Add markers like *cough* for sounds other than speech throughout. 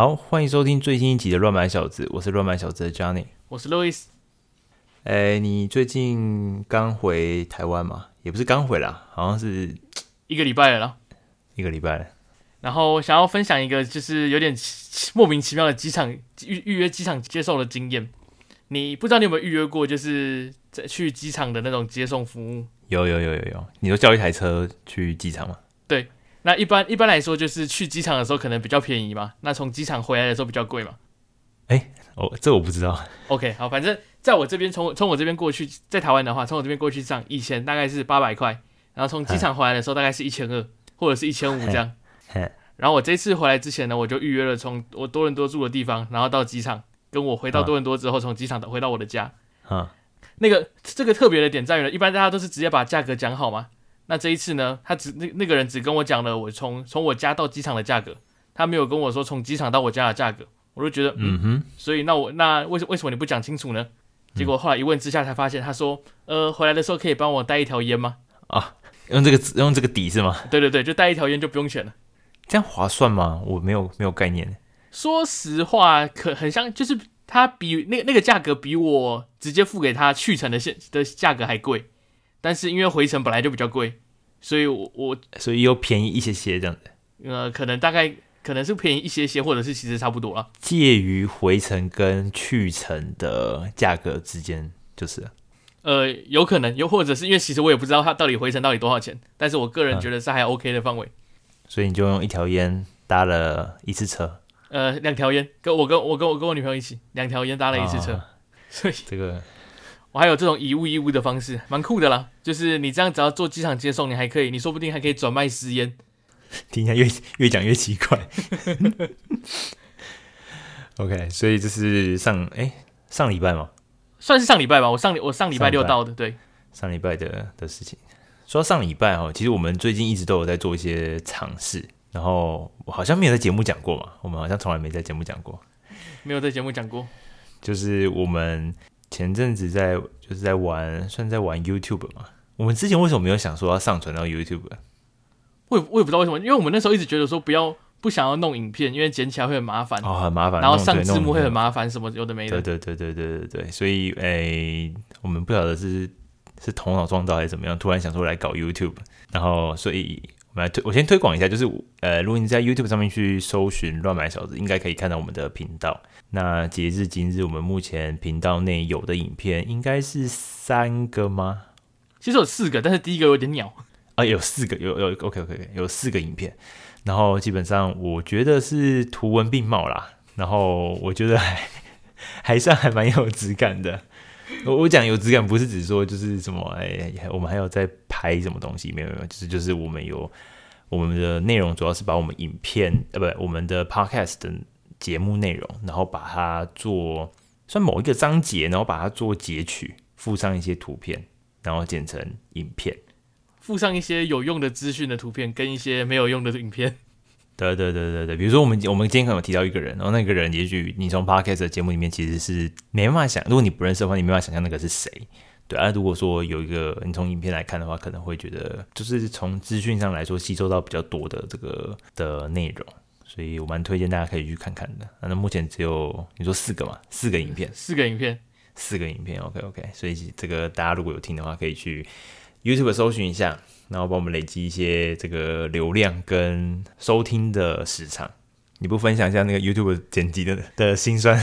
好，歡迎收聽最新一集的《亂買小子》，我是亂買小子的 Johnny，我是 Louis。哎、欸，你最近剛回台灣嗎？也不是剛回來，好像是一個禮拜了啦，一個禮拜了。然後想要分享一個就是有點莫名其妙的機場預預約機場接送的經驗。你不知道你有沒有預約過，就是在去機場的那種接送服務？有有有有有，你就叫一台車去機場嗎？對。那一般一般來說就是去機場的時候可能比較便宜嘛，那從機場回來的時候比較貴嘛？哎、欸，哦，這我不知道。OK，好，反正在我這邊，從我從我這邊過去，在台灣的話，從我這邊過去上一千大概是八百塊，然後從機場回來的時候大概是一千二或者是一千五這樣。嘿嘿然後我這次回來之前呢，我就預約了從我多倫多住的地方，然後到機場，跟我回到多倫多之後從機、嗯、場回到我的家。嗯、那個這個特別的點在於呢，一般大家都是直接把價格講好嗎？那這一次呢？他只那那個人只跟我講了我從從我家到機場的價格，他沒有跟我說從機場到我家的價格，我就覺得嗯，嗯哼。所以那我那為什為什麼你不講清楚呢？結果後來一問之下才發現，他說呃，回來的時候可以幫我帶一條煙嗎？啊，用這個用這個抵是嗎？對對對，就帶一條煙就不用錢了，這樣划算嗎？我沒有沒有概念。說實話，可很像就是他比那那個價格比我直接付給他去程的現的價格還貴，但是因為回程本來就比較貴。所以我，我我所以又便宜一些些，這樣子，呃，可能大概可能是便宜一些些，或者是其實差不多了。介於回程跟去程的價格之間，就是。呃，有可能，又或者是因為其實我也不知道它到底回程到底多少錢，但是我個人覺得是還 OK 的範圍。啊，所以你就用一條菸搭了一次車。呃，兩條菸，跟我跟我跟我跟我女朋友一起，兩條菸搭了一次車。啊，所以這個。我還有這種以物易物的方式，蠻酷的啦。就是你這樣，只要做機場接送，你還可以，你說不定還可以轉賣時間。聽起來越，越講越奇怪。 *laughs* *laughs* OK，所以這是上誒、欸、上禮拜嗎？算是上禮拜吧。我上我上禮拜六到的，上禮拜。對上禮拜的的事情。說到上禮拜哦，其實我們最近一直都有在做一些嘗試，然後我好像沒有在節目講過嘛。我們好像從來沒在節目講過， *laughs* 沒有在節目講過。就是我們。前陣子在就是在玩，算在玩 YouTube 嘛。我們之前為什麼沒有想說要上傳到 YouTube 啊？我也我也不知道為什麼，因為我們那時候一直覺得說不要不想要弄影片，因為剪起來會很麻煩哦，很麻煩。然後上字幕會很麻煩，什麼有的沒的。對對對對對對對，所以誒、欸，我們不曉得是是頭腦撞到還是怎麼樣，突然想出來搞 YouTube，然後所以。我來推，我先推廣一下，就是呃，如果你在 YouTube 上面去搜尋“亂買小子”，應該可以看到我們的頻道。那截至今日，我們目前頻道內有的影片應該是三個嗎？其實有四個，但是第一個有點鳥。啊，有四個，有有 OK OK OK，有四個影片。然後基本上我覺得是圖文並茂啦，然後我覺得還還算還蠻有質感的。我我講有質感不是指說就是什麼，哎、欸，我們還有在。拍什麼東西，沒有沒有，就是就是我們有我們的內容，主要是把我們影片，呃不，我們的 podcast 的節目內容，然後把它做算某一個章節，然後把它做截取，附上一些圖片，然後剪成影片，附上一些有用的資訊的圖片跟一些沒有用的影片。對對對對對，比如說我們我們今天可能有提到一個人，然後那個人也許你從 podcast 的節目裡面其實是沒辦法想，如果你不認識的話，你沒辦法想象那個是誰。對啊，如果說有一個你從影片來看的話，可能會覺得就是從資訊上來說吸收到比較多的這個的內容，所以我蠻推薦大家可以去看看的。啊，那目前只有你說四個嘛？四個影片？四個影片？四個影片？OK OK。所以這個大家如果有聽的話，可以去 YouTube 搜尋一下，然後幫我們累積一些這個流量跟收聽的時長。你不分享一下那個 YouTube 剪輯的的辛酸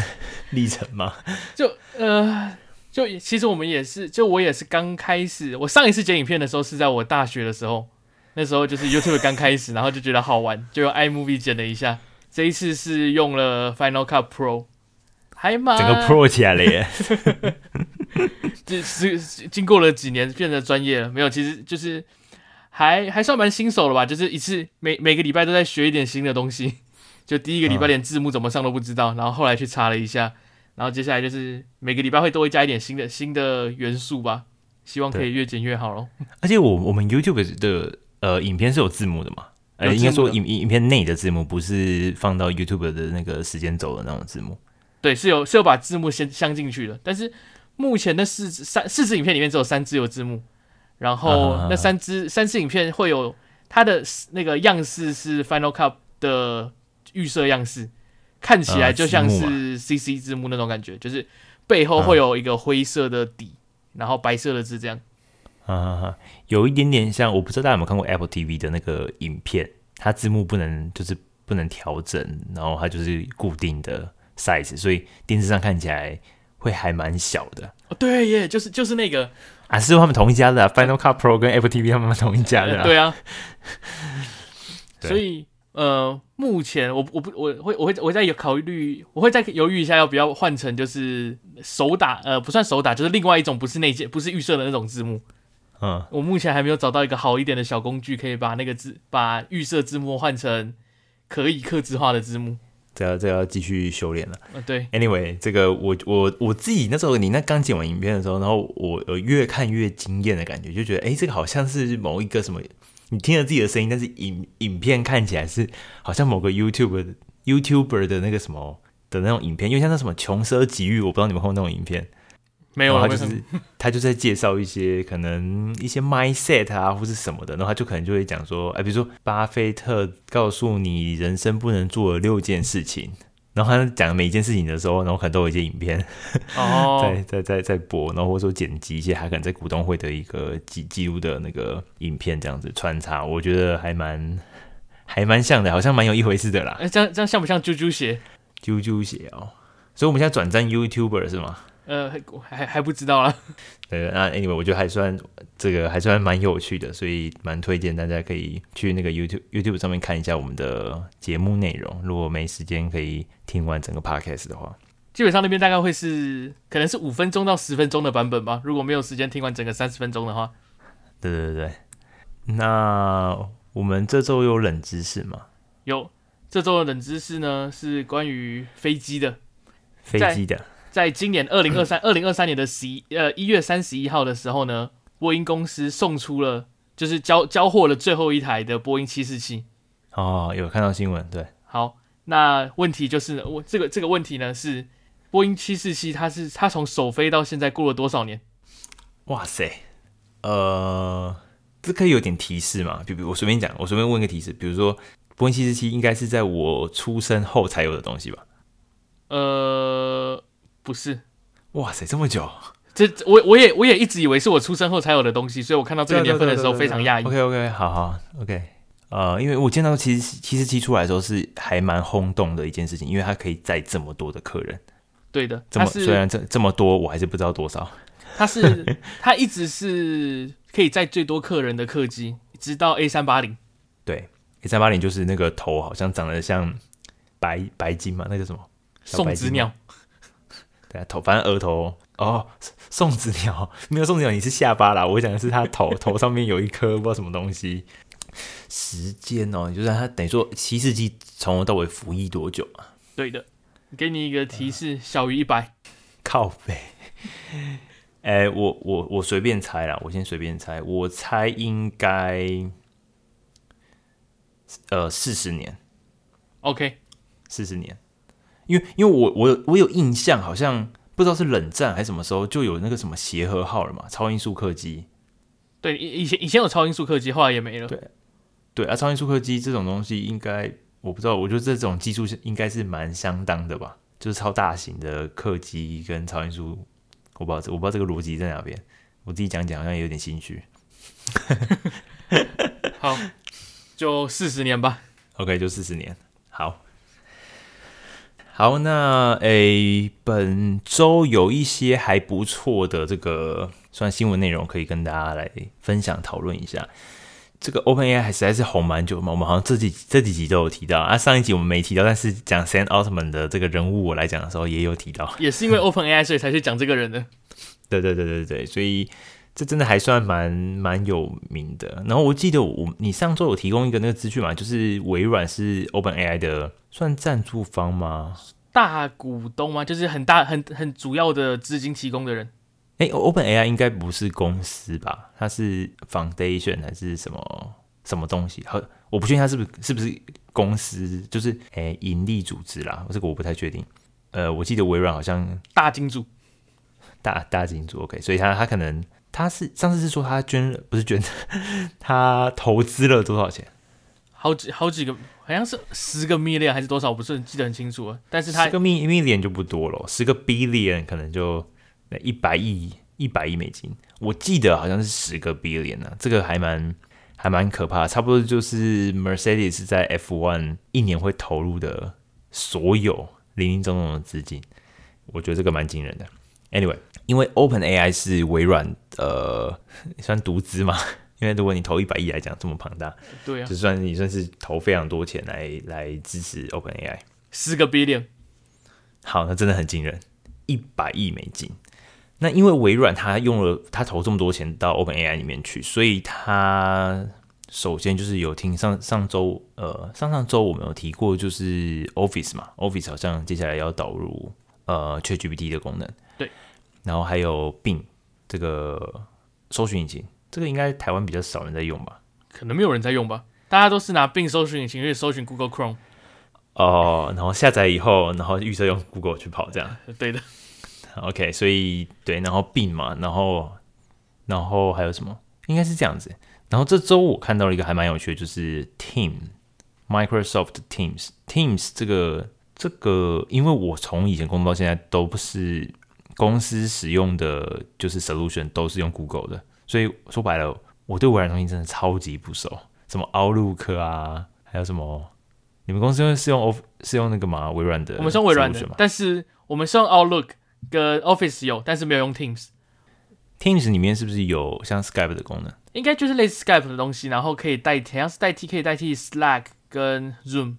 歷程嗎？就呃。就其實我們也是，就我也是剛開始。我上一次剪影片的時候是在我大學的時候，那時候就是 YouTube 剛開始， *laughs* 然後就覺得好玩，就用 iMovie 剪了一下。這一次是用了 Final Cut Pro，還蠻整個 Pro 起來了耶 *laughs* *laughs* 這是經過了幾年變成專業了沒有？其實就是還還算蠻新手了吧，就是一次每每個禮拜都在學一點新的東西。就第一個禮拜連字幕怎麼上都不知道，嗯、然後後來去查了一下。然後接下來就是每個禮拜會多加一點新的新的元素吧，希望可以越剪越好嘍。而且我我們 YouTube 的呃影片，是有字幕的嘛？的呃，應該說影影片內的字幕，不是放到 YouTube 的那個時間軸的那種字幕。對，是有是有把字幕先鑲進去的。但是目前的四三四支影片裡面只有三支有字幕，然後那三支、啊、哈哈三支影片會有它的那個樣式，是 Final Cut 的預設樣式。看起來就像是 CC 字幕那種感覺，就是背後會有一個灰色的底，然後白色的字這樣。有一點點像，我不知道大家有沒有看過 Apple TV 的那個影片，它字幕不能就是不能調整，然後它就是固定的 size，所以電視上看起來會還蠻小的。哦，對耶，就是就是那個啊，是，是他們同一家的，啊，Final Cut Pro 跟 Apple TV 他們同一家的，啊啊。對啊，所以。呃，目前我我不我會我會我會再有考慮，我會再猶豫一下，要不要換成就是手打，呃，不算手打，就是另外一種不是內建不是預設的那種字幕。嗯，我目前還沒有找到一個好一點的小工具，可以把那個字把預設字幕換成可以客製化的字幕。這要這要繼續修煉了。嗯、呃，對。Anyway，這個我我我自己那時候你那剛剪完影片的時候，然後我我越看越驚艷的感覺，就覺得誒，這個好像是某一個什麼。你聽了自己的聲音，但是影影片看起來是好像某個 YouTube YouTuber 的那個什麼的那種影片，因為像那什麼窮奢極欲，我不知道你們會不會那種影片沒有？啊，就是他就是在介紹一些可能一些 mindset 啊，或是什麼的，然後他就可能就會講說，哎、欸，比如說巴菲特告訴你人生不能做的六件事情。然後他講每一件事情的時候，然後可能都有一些影片，oh. *laughs* 在在在在播，然後或者說剪輯一些，還可能在股東會的一個記記錄的那個影片這樣子穿插，我覺得還蠻還蠻像的，好像蠻有一回事的啦。哎，這樣這樣像不像啾啾鞋？啾啾鞋哦，所以我們現在轉戰 YouTuber 是嗎？呃，還還還不知道啊。對，那 Anyway，我覺得還算這個還算蠻有趣的，所以蠻推薦大家可以去那個 YouTube YouTube 上面看一下我們的節目內容。如果沒時間可以聽完整個 Podcast 的話，基本上那邊大概會是可能是五分鐘到十分鐘的版本吧。如果沒有時間聽完整個三十分鐘的話，對對對。那我們這周有冷知識嗎？有，這周的冷知識呢，是關於飛機的，飛機的。在今年二零二三二零二三年的十一 *coughs* 呃一月三十一號的時候呢，波音公司送出了，就是交交貨了最後一台的波音七四七。哦，有看到新聞。對。好，那問題就是我這個這個問題呢，是波音七四七，它是它從首飛到現在過了多少年？哇塞，呃，這可以有點提示嗎？比如我隨便講，我隨便問個提示，比如說波音七四七應該是在我出生後才有的東西吧？呃。不是，哇塞，這麼久，這我我也我也一直以為是我出生後才有的東西，所以我看到這個年份的時候非常訝異。OK OK 好好 OK，呃，因為我見到其實七四七出來的時候是還蠻轟動的一件事情，因為它可以載這麼多的客人。對的，是這麼，雖然這這麼多我還是不知道多少。它是它一直是可以載最多客人的客機， *laughs* 直到 A 三八零。對，A 三八零就是那個頭好像長得像白白金嘛，那個什麼？送子鳥。頭，反正額頭哦，送子鳥沒有送子鳥，你是下巴啦。我想的是他頭 *laughs* 頭上面有一顆不知道什麼東西。時間哦、喔，就是他等於說七四七從頭到尾服役多久啊？對的，給你一個提示，呃、小於一百。靠北。哎、欸，我我我隨便猜啦，我先隨便猜，我猜應該呃四十年。OK，四十年。因為因為我我我有印象，好像不知道是冷戰還是什麼時候，就有那個什麼協和號了嘛，超音速客機。對，以前以前有超音速客機，後來也沒了。對，對啊，超音速客機這種東西應，應該我不知道，我覺得這種技術應該是蠻相當的吧，就是超大型的客機跟超音速，我不知道我不知道這個邏輯在哪邊，我自己講講好像有點心虛。 *laughs* *laughs* 好，就四十年吧。OK，就四十年，好。好，那誒、欸，本周有一些還不錯的這個算新聞內容，可以跟大家來分享討論一下。這個 Open AI 還實在是吼蠻久嘛，我們好像這幾這幾集都有提到啊。上一集我們沒提到，但是講 Sam 奧特曼的這個人物，我來講的時候也有提到。也是因為 Open AI 所以才去講這個人的。 *laughs* 對對對對對，所以。這真的還算蠻蠻有名的。然後我記得我，我你上周有提供一個那個資訊嘛，就是微軟是 Open AI 的算贊助方嗎？大股東嗎？就是很大很很主要的資金提供的人。欸，Open AI 應該不是公司吧？它是 Foundation 還是什麼什麼東西？好，我不確定它是不是是不是公司，就是欸，盈利組織啦。我這個我不太確定。呃，我記得微軟好像大金主，大大金主 OK，所以他他可能。他是上次是說他捐了，不是捐，他投資了多少錢？好幾好幾個，好像是十個 million 還是多少？我不是很記得很清楚，但是他，十個米 mi, million 就不多了，十個 billion 可能就那一百億一百億美金。我記得好像是十個 billion 呢、啊，這個還蠻還蠻可怕的，差不多就是 Mercedes 在 F1 一年會投入的所有林林總總的資金。我覺得這個蠻驚人的。Anyway。因為 OpenAI 是微軟呃算獨資嘛？因為如果你投一百億來講這麼龐大，對啊，就算你算是投非常多錢來來支持 OpenAI 四個 billion，好，那真的很驚人，一百億美金。那因為微軟他用了，他投這麼多錢到 OpenAI 裡面去，所以他首先就是有聽上上周呃上上周我們有提過，就是 Office 嘛，Office 好像接下來要導入呃 ChatGPT 的功能，對。然後還有 Bing 這個搜尋引擎，這個應該台灣比較少人在用吧？可能沒有人在用吧？大家都是拿 Bing 搜尋引擎去搜尋 Google Chrome。哦，然後下載以後，然後預設用 Google 去跑這樣。 *laughs* 對的。OK，所以對，然後 Bing 嘛，然後然後還有什麼？應該是這樣子。然後這周我看到了一個還蠻有趣的，就是 Team Microsoft Teams Teams 這個這個，因為我從以前工作到現在都不是。公司使用的就是 solution 都是用 Google 的，所以說白了，我對微軟東西真的超級不熟。什麼 Outlook 啊，還有什麼？你們公司用是用 Office 是用那個嘛？微軟的？我們是用微軟的，但是我們是用 Outlook 跟 Office 有，但是沒有用 Teams。Teams 裡面是不是有像 Skype 的功能？應該就是類似 Skype 的東西，然後可以代替，好像是代替可以代替 Slack 跟 Zoom。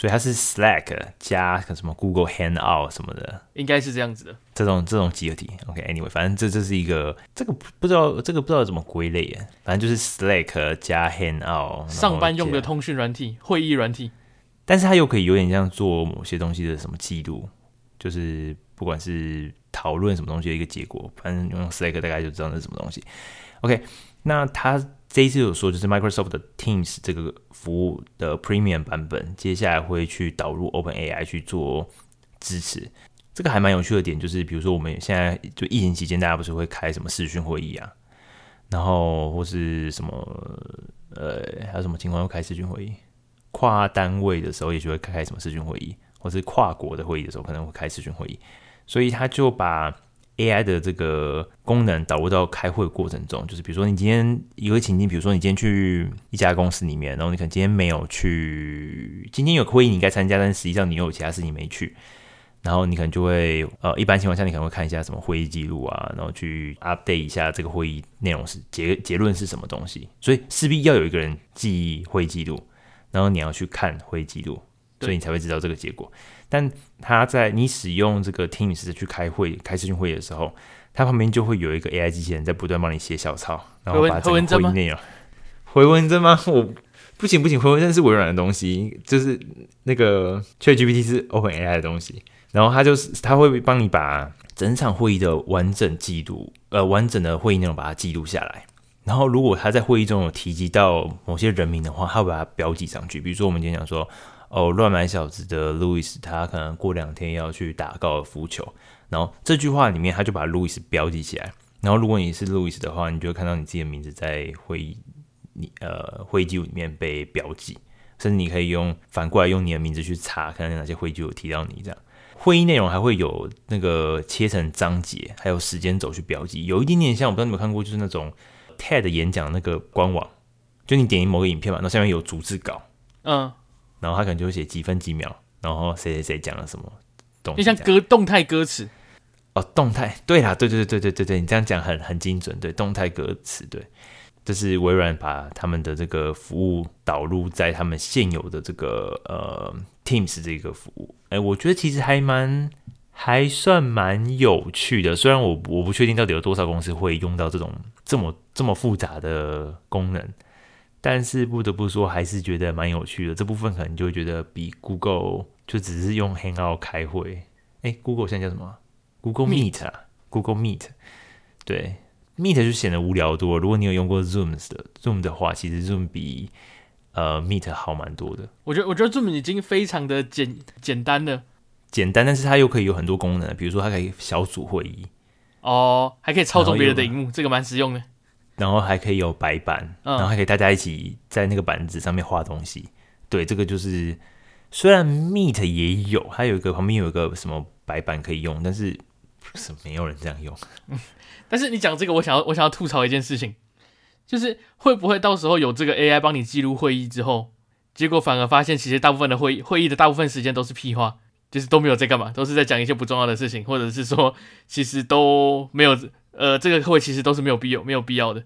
所以它是 Slack 加什麼 Google Hangout 什麼的，應該是這樣子的。這種這種集合體，OK，anyway，、okay, 反正這這是一個，這個不知道這個不知道怎麼歸類耶，反正就是 Slack 加 Hangout 上班用的通訊軟體、會議軟體，但是它又可以有點像做某些東西的什麼記錄，就是不管是討論什麼東西的一個結果，反正用 Slack 大概就知道那是什麼東西。OK，那它。這一次有說，就是 Microsoft 的 Teams 這個服務的 Premium 版本，接下來會去導入 OpenAI 去做支持。這個還蠻有趣的點，就是比如說我們現在就疫情期間，大家不是會開什麼視訊會議啊，然後或是什麼呃還有什麼情況要開視訊會議，跨單位的時候也許會開什麼視訊會議，或是跨國的會議的時候可能會開視訊會議，所以他就把。AI 的這個功能導入到開會的過程中，就是比如說你今天一個情境，比如說你今天去一家公司裡面，然後你可能今天沒有去，今天有會議你應該參加，但實際上你又有其他事情沒去，然後你可能就會，呃，一般情況下你可能會看一下什麼會議記錄啊，然後去 update 一下這個會議內容是結結論是什麼東西，所以勢必要有一個人記會議記錄，然後你要去看會議記錄，所以你才會知道這個結果。但他在你使用這個 Teams 去開會、開視訊會議的時候，他旁邊就會有一個 AI 機器人在不斷幫你寫小抄，然後把這個會議內容回文正。回文正嗎？我不行不行，回文正是微軟的東西，就是那個 Chat GPT 是 Open AI 的東西。然後他就是他會幫你把整場會議的完整記錄，呃，完整的會議內容把它記錄下來。然後如果他在會議中有提及到某些人名的話，他會把它標記上去。比如說我們今天講說。哦，亂買小子的路易斯，他可能過兩天要去打高爾夫球。然後這句話裡面，他就把路易斯標記起來。然後如果你是路易斯的話，你就會看到你自己的名字在會議，呃，會議記錄裡面被標記。甚至你可以用反過來用你的名字去查，看看哪些會議有提到你這樣。會議內容還會有那個切成章節，還有時間軸去標記，有一點點像，我不知道你有沒有看過，就是那種 TED 演講那個官網，就你點一某個影片嘛，那下面有逐字稿，嗯。然後他可能就會寫幾分幾秒，然後誰誰誰講了什麼東西，就像歌動態歌詞哦，動態，對啦，對對對對對對，你這樣講很很精準，對動態歌詞，對，這、就是微軟把他們的這個服務導入在他們現有的這個呃 Teams 這個服務，哎，我覺得其實還蠻還算蠻有趣的，雖然我我不確定到底有多少公司會用到這種這麼這麼複雜的功能。但是不得不說，還是覺得蠻有趣的。這部分可能就會覺得比 Google 就只是用 Hangout 開會。誒，欸，Google 現在叫什麼？Google Meet 啊 Meet，Google Meet 對，對，Meet 就顯得無聊多。如果你有用過 Zoom 的 Zoom 的話，其實 Zoom 比呃 Meet 好蠻多的。我覺得我覺得 Zoom 已經非常的簡簡單的簡單，但是它又可以有很多功能，比如說它可以小組會議哦，還可以操縱別人的熒幕，這個蠻實用的。然後還可以有白板，嗯、然後還可以大家一起在那個板子上面畫東西。對，這個就是雖然 Meet 也有，它有一個旁邊有一個什麼白板可以用，但是不是沒有人這樣用。嗯、但是你講這個，我想要我想要吐槽一件事情，就是會不會到時候有這個 AI 幫你記錄會議之後，結果反而發現其實大部分的會議會議的大部分時間都是屁話，就是都沒有在幹嘛，都是在講一些不重要的事情，或者是說其實都沒有。呃，這個會其實都是沒有必要、沒有必要的。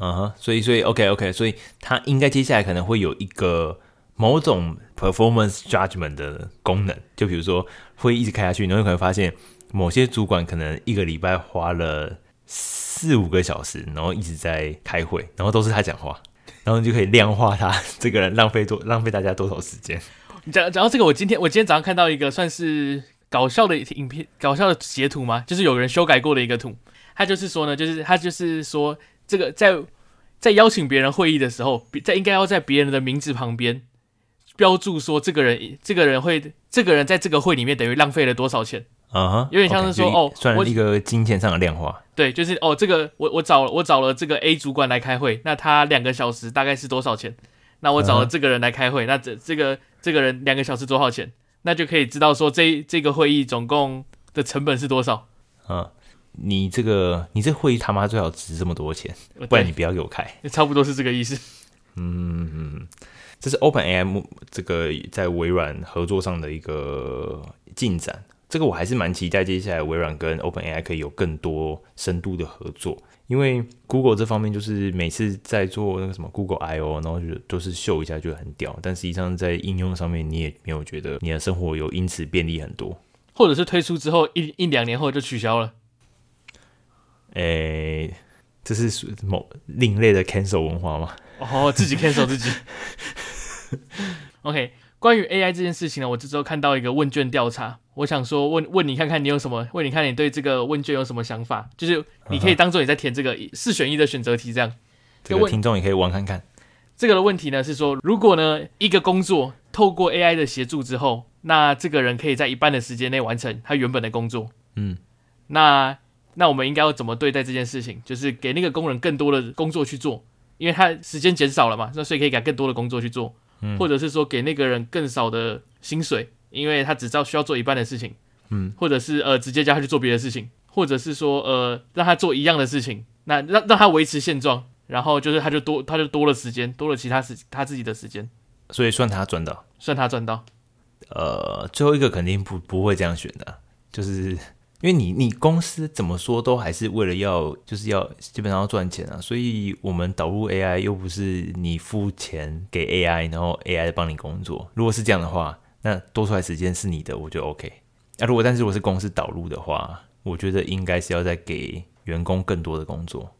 嗯、uh huh，所以所以 OK OK，所以他應該接下來可能會有一個某種 performance judgment 的功能，就比如說會一直開下去，然後你會可能發現某些主管可能一個禮拜花了四五個小時，然後一直在開會，然後都是他講話，然後你就可以量化他這個人浪費多浪費大家多少時間。你講講到這個，我今天我今天早上看到一個算是。搞笑的影片，搞笑的截圖嗎？就是有人修改過的一個圖，他就是說呢，就是他就是說，這個在在邀請別人會議的時候，比在應該要在別人的名字旁邊標註說這，這個人這個人會這個人在這個會裡面等於浪費了多少錢啊？Uh-huh, 有點像是說 okay, 哦，算了一個金錢上的量化。對，就是哦，這個我我找我找了這個 A 主管來開會，那他兩個小時大概是多少錢？那我找了這個人來開會，Uh-huh. 那這這個這個人兩個小時多少錢？那就可以知道說這，這這個會議總共的成本是多少？嗯、啊，你這個你這個會議他媽最好值這麼多錢，不然你不要給我開。差不多是這個意思。嗯，這是 Open AI 這個在微軟合作上的一個進展。這個我還是蠻期待，接下來微軟跟 OpenAI 可以有更多深度的合作。因為 Google 這方面就是每次在做那個什麼 Google I O，然後就都是秀一下就很屌，但實際上在應用上面，你也沒有覺得你的生活有因此便利很多，或者是推出之後一一兩年後就取消了。誒、欸，這是屬某另類的 cancel 文化嗎？哦，自己 cancel 自己。 *laughs* OK。關於 AI 這件事情呢，我這週看到一個問卷調查，我想說問問你看看你有什麼？問你看你對這個問卷有什麼想法？就是你可以當做你在填這個四選一的選擇題這樣。這個我聽眾也可以玩看看。這個的問題呢是說，如果呢一個工作透過 AI 的協助之後，那這個人可以在一半的時間內完成他原本的工作。嗯。那那我們應該要怎麼對待這件事情？就是給那個工人更多的工作去做，因為他時間減少了嘛，那所以可以給他更多的工作去做。或者是說給那個人更少的薪水，因為他只知道需要做一半的事情。嗯，或者是呃直接叫他去做別的事情，或者是說呃讓他做一樣的事情，那讓讓他維持現狀，然後就是他就多他就多了時間，多了其他時他自己的時間。所以算他賺到，算他賺到。呃，最後一個肯定不不會這樣選的，就是。因為你你公司怎麼說都還是為了要就是要基本上要賺錢啊，所以我們導入 AI 又不是你付錢給 AI，然後 AI 幫你工作。如果是這樣的話，那多出來時間是你的，我就 OK。那，啊，如果但是如果是公司導入的話，我覺得應該是要再給員工更多的工作。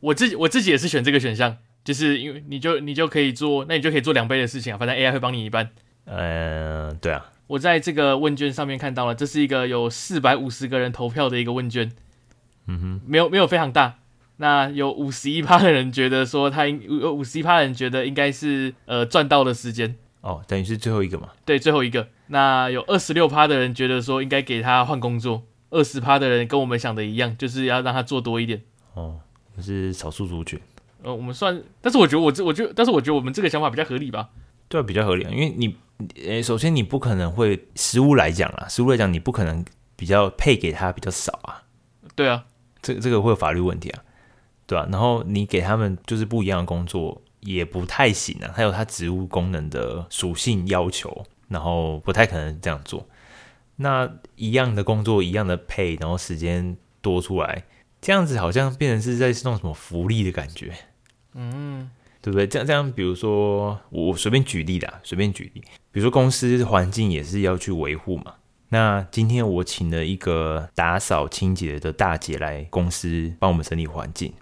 我自己我自己也是選這個選項，就是因為你就你就可以做，那你就可以做兩倍的事情啊，反正 AI 會幫你一半。呃、嗯，對啊，我在這個問卷上面看到了，這是一個有四百五十個人投票的一個問卷，嗯哼，沒有沒有非常大。那有五十一趴的人覺得說他應有五十一趴的人覺得應該是呃賺到的時間，哦，等於是最後一個嘛？對，最後一個。那有二十六趴的人覺得說應該給他換工作，二十趴的人跟我們想的一樣，就是要讓他做多一點。哦，就是少數族群。呃、哦，我們算，但是我覺得我這我覺得，但是我覺得我們這個想法比較合理吧？對、啊，比較合理、啊，因為你。呃，首先你不可能會實物來講啊。實物來講你不可能比較配給他比較少啊。對啊，這這個會有法律問題啊，對吧、啊？然後你給他們就是不一樣的工作，也不太行啊，還有它職務功能的屬性要求，然後不太可能這樣做。那一樣的工作一樣的配，然後時間多出來，這樣子好像變成是在弄什麼福利的感覺，嗯，對不對？這樣這樣，比如說我隨便舉例的啊，隨便舉例。比如說公司環境也是要去維護嘛。那今天我請了一個打掃清潔的大姐來公司幫我們整理環境。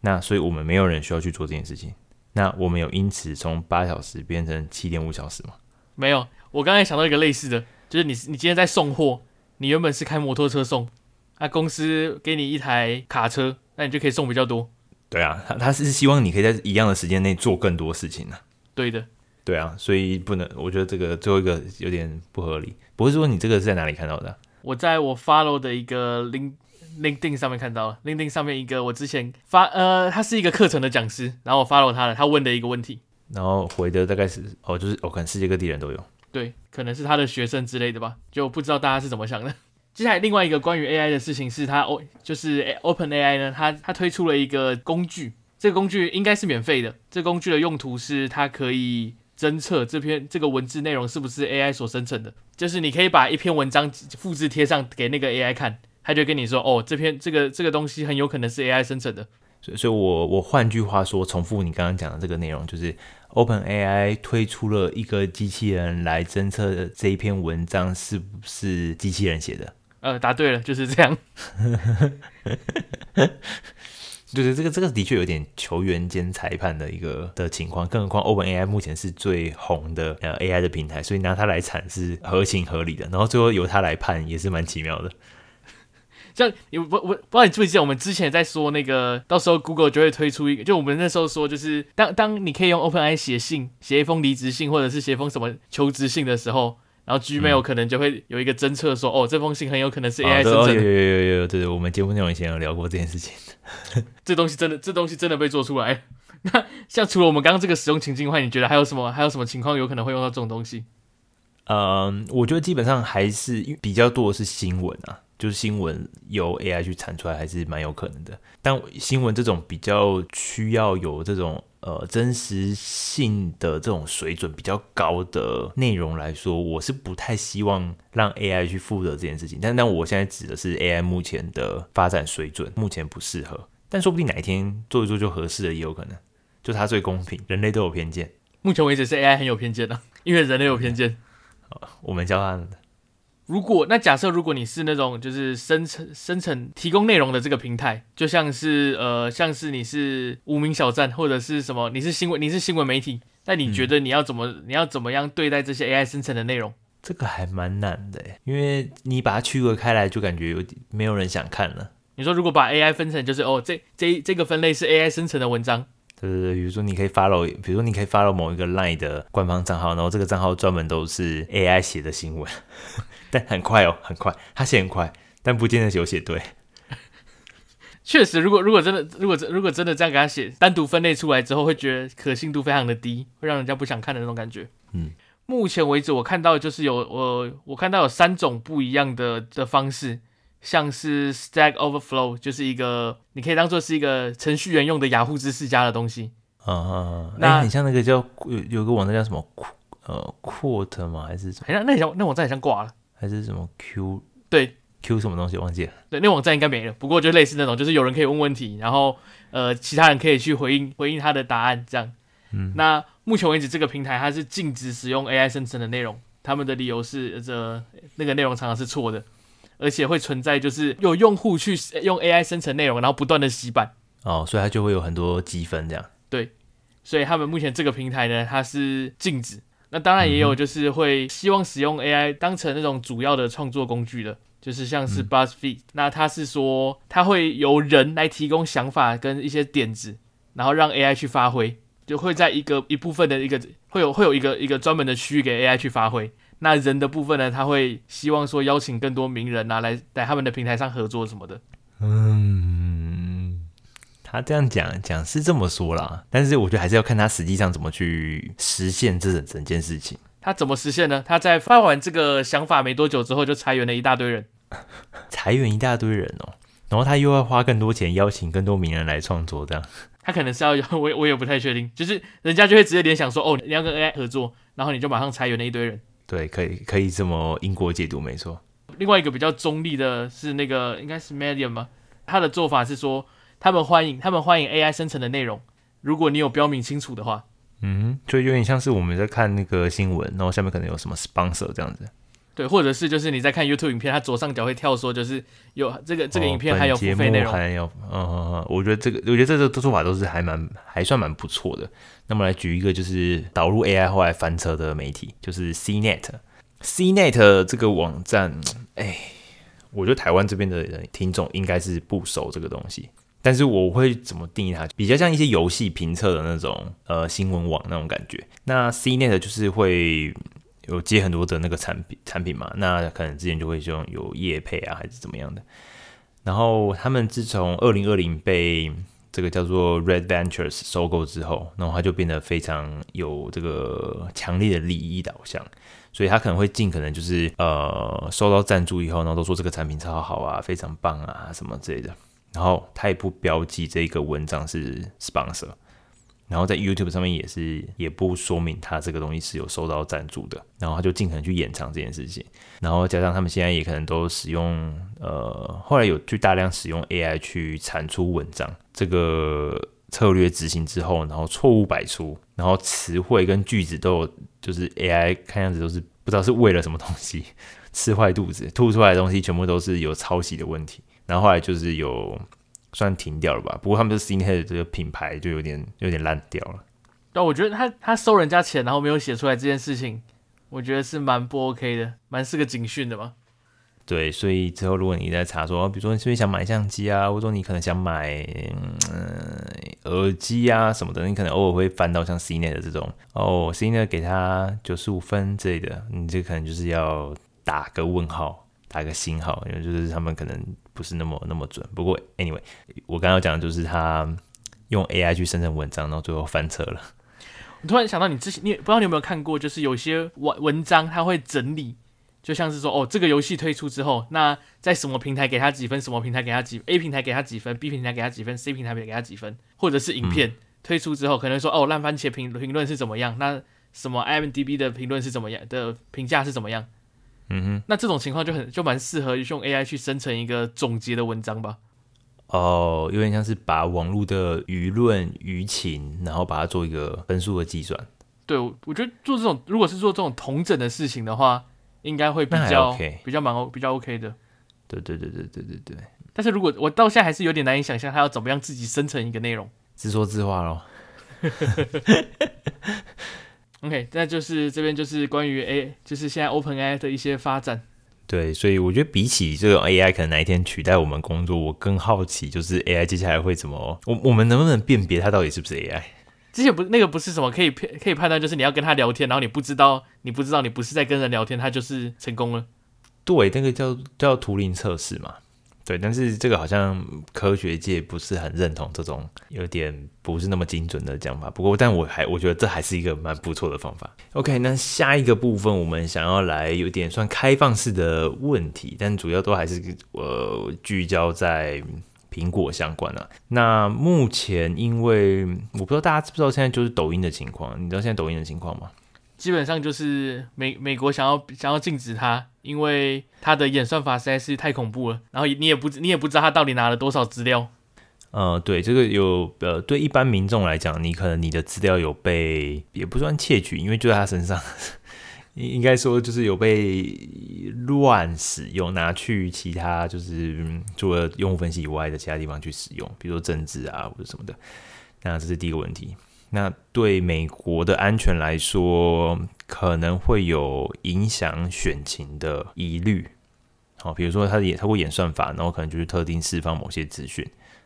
那所以我們沒有人需要去做這件事情。那我們有因此從八小時變成七點五小時嗎？沒有，我剛才想到一個類似的，就是你你今天在送貨，你原本是開摩托車送，那、啊、公司給你一台卡車，那你就可以送比較多。對啊，他他是希望你可以在一樣的時間內做更多事情呢、啊。對的。對啊，所以不能，我覺得這個最後一個有點不合理。不是說你這個是在哪裡看到的啊？我在我 follow 的一個 lin LinkedIn 上面看到了，LinkedIn 上面一個我之前發，呃，他是一個課程的講師，然後我 follow 他的，他問的一個問題，然後回的大概是，哦，就是，哦，可能世界各地人都有，對，可能是他的學生之類的吧，就不知道大家是怎麼想的。 *laughs* 接下來另外一個關於 AI 的事情是，他哦，就是 OpenAI 呢，他他推出了一個工具，這個工具應該是免費的，這個工具的用途是它可以。偵測這篇這個文字內容是不是 AI 所生成的，就是你可以把一篇文章複製貼上給那個 AI 看，他就跟你說，哦，這篇這個這個東西很有可能是 AI 生成的。所以，所以我我換句話說，重複你剛剛講的這個內容，就是 OpenAI 推出了一個機器人來偵測的這一篇文章是不是機器人寫的？呃，答對了，就是這樣。 *laughs* 對，對對，這個這個的確有點球員兼裁判的一個的情況，更何況 Open AI 目前是最紅的呃 AI 的平台，所以拿它來產是合情合理的。然後最後由它來判也是蠻奇妙的。像有不我，我，不知道你記不記得我們之前在說那個，到時候 Google 就會推出一個，就我們那時候說就是當當你可以用 Open AI 寫信，寫一封離職信或者是寫一封什麼求職信的時候。然後 G 沒有、嗯、可能就會有一個偵測說，哦，這封信很有可能是 AI 生成的。有有有有，對對，我們節目內容以前有聊過這件事情。 *laughs* 這東西真的，這東西真的被做出來。那 *laughs* 像除了我們剛剛這個使用情境外，你覺得還有什麼，還有什麼情況有可能會用到這種東西？嗯，我覺得基本上還是因為比較多的是新聞啊，就是新聞由 AI 去產出來還是蠻有可能的。但新聞這種比較需要有這種。呃，真實性的這種水準比較高的內容來說，我是不太希望讓 AI 去負責這件事情。但但我現在指的是 AI 目前的發展水準，目前不適合。但說不定哪一天做一做就合適了，也有可能。就它最公平，人類都有偏見。目前為止是 AI 很有偏見的、啊，因為人類有偏見。嗯、好，我們教它。如果那假設，如果你是那種就是生成生成提供內容的這個平台，就像是呃，像是你是無名小站或者是什麼，你是新聞你是新聞媒體，那你覺得你要怎麼、嗯、你要怎麼樣對待這些 AI 生成的內容？這個還蠻難的耶，因為你把它區隔開來，就感覺有點沒有人想看了。你說如果把 AI 分成就是哦，這這這個分類是 AI 生成的文章。就是，比如說你可以 follow，比如說你可以 follow 某一個 line 的官方賬號，然後這個賬號專門都是 AI 寫的新聞， *laughs* 但很快哦，很快，他寫很快，但不見得是有寫對。確實，如果如果真的，如果真如果真的這樣給他寫，單獨分類出來之後，會覺得可信度非常的低，會讓人家不想看的那種感覺。嗯，目前為止我看到就是有我我看到有三種不一樣的的方式。像是 Stack Overflow 就是一個，你可以當做是一個程序員用的雅虎、ah、知識家的東西。啊啊、uh，huh。那、欸、很像那個叫有有個網站叫什麼呃 Quora 嗎？還是哎呀，那像那網站好像掛了，還是什麼，是什麼 Q？對 Q 什麼東西忘記了？對，那個、網站應該沒了。不過就類似那種，就是有人可以問問題，然後呃其他人可以去回應回應他的答案，這樣。嗯。那目前為止，這個平台它是禁止使用 AI 生成的內容，他們的理由是這、呃、那個內容常常是錯的。而且會存在，就是有用戶去用 AI 生成內容，然後不斷的洗版哦，所以它就會有很多積分這樣。對，所以他們目前這個平台呢，它是禁止。那當然也有，就是會希望使用 AI 當成那種主要的創作工具的，就是像是 BuzzFeed，嗯，那它是說它會由人來提供想法跟一些點子，然後讓 AI 去發揮，就會在一個一部分的一個會有會有一個一個專門的區域給 AI 去發揮。那人的部分呢？他會希望說邀請更多名人拿、啊、來在他們的平台上合作什麼的。嗯，他這樣講講是這麼說啦，但是我覺得還是要看他實際上怎麼去實現這整整件事情。他怎麼實現呢？他在發完這個想法沒多久之後就裁員了一大堆人，裁員一大堆人哦，然後他又要花更多錢邀請更多名人來創作，這樣他可能是要我也我也不太確定，就是人家就會直接聯想說哦，你要跟 AI 合作，然後你就馬上裁員了一堆人。對，可以可以這麼因果解讀，沒錯。另外一個比較中立的是那個，應該是 Medium 嗎？他的做法是說，他們歡迎他們歡迎 AI 生成的內容，如果你有標明清楚的話，嗯，就有點像是我們在看那個新聞，然後下面可能有什麼 sponsor 這樣子。對，或者是就是你在看 YouTube 影片，它左上角會跳說，就是有這個這個影片還有付費節目還有。嗯嗯嗯，我覺得這個，我覺得這個做法都是還蠻，還算蠻不錯的。那麼來舉一個，就是導入 AI 後來翻車的媒體，就是 CNET。CNET 這個網站，哎，我覺得台灣這邊的人聽眾應該是不熟這個東西，但是我會怎麼定義它？比較像一些遊戲評測的那種，呃，新聞網那種感覺。那 CNET 就是會。有接很多的那個產品產品嘛，那可能之前就會希望有業配啊還是怎麼樣的。然後他們自從二零二零被這個叫做 Red Ventures 收購之後，然後他就變得非常有這個強烈的利益導向，所以他可能會盡可能就是呃收到贊助以後，然後都說這個產品超好啊，非常棒啊什麼之類的。然後他也不標記這個文章是 sponsor。然後在 YouTube 上面也是，也不說明他這個東西是有收到贊助的，然後他就盡可能去掩藏這件事情。然後加上他們現在也可能都使用，呃，後來有去大量使用 AI 去產出文章，這個策略執行之後，然後錯誤百出，然後詞彙跟句子都就是 AI 看樣子都是不知道是餵了什麼東西吃壞肚子，吐出來的東西全部都是有抄襲的問題。然後後來就是有。算停掉了吧，不過他們這新 c n 的 n e 這個品牌就有點就有點爛掉了。但、哦、我覺得他他收人家錢，然後沒有寫出來這件事情，我覺得是蠻不 OK 的，蠻是個警訊的嘛。對，所以之後如果你在查說，哦、比如說你是不是想買相機啊，或者說你可能想買、嗯、耳機啊什麼的，你可能偶爾會翻到像 Cine 的這種，哦 Cine 給他九十五分之類的，你這可能就是要打個問號，打個星號，因為就是他們可能。不是那麼那麼準，不過 anyway，我剛剛講的就是他用 AI 去生成文章，然後最後翻車了。我突然想到你，你之前你不知道你有沒有看過，就是有些文文章他會整理，就像是說哦，這個遊戲推出之後，那在什麼平台給他幾分，什麼平台給他幾分，A 平台給他幾分，B 平台給他幾分，C 平台給給他幾分，或者是影片推出之後，嗯、可能說哦，爛番茄評評論是怎麼樣，那什麼 IMDb 的評論是怎麼樣，的評價是怎麼樣？嗯哼，那這種情況就很就蠻適合用 AI 去生成一個總結的文章吧。哦，有點像是把網絡的輿論輿情，然後把它做一個分數的計算。對，我我覺得做這種如果是做這種統整的事情的話，應該會比較、OK、比較蠻哦，比較 OK 的。對對對對對對對。但是如果我到現在還是有點難以想象，它要怎麼樣自己生成一個內容，自說自話咯。 *laughs* OK，那就是這邊就是關於 A，就是現在 Open AI 的一些發展。對，所以我覺得比起這種 AI，可能哪一天取代我們工作，我更好奇就是 AI 接下來會怎麼。我我們能不能辨別它到底是不是 AI？之前不是那個不是什麼可以，可以判可以判斷，就是你要跟他聊天，然後你不知道你不知道你不是在跟人聊天，他就是成功了。對，那個叫叫圖靈測試嘛。對，但是這個好像科學界不是很認同這種有點不是那麼精準的講法。不過，但我還我覺得這還是一個蠻不錯的方法。OK，那下一個部分我們想要來有點算開放式的問題，但主要都還是呃聚焦在蘋果相關啦、啊。那目前因為我不知道大家知不知道現在就是抖音的情況，你知道現在抖音的情況嗎？基本上就是美美國想要想要禁止他，因為他的演算法實在是太恐怖了。然後你也不你也不知道他到底拿了多少資料。嗯，呃，對，這個有呃，對一般民眾來講，你可能你的資料有被也不算竊取，因為就在他身上，應應該說就是有被亂使用，拿去其他就是除了用戶分析以外的其他地方去使用，比如說政治啊或者什麼的。那這是第一個問題。那對美國的安全來說，可能會有影響選情的疑慮。好，比如說他也，他會演算法，然後可能就是特定釋放某些資訊，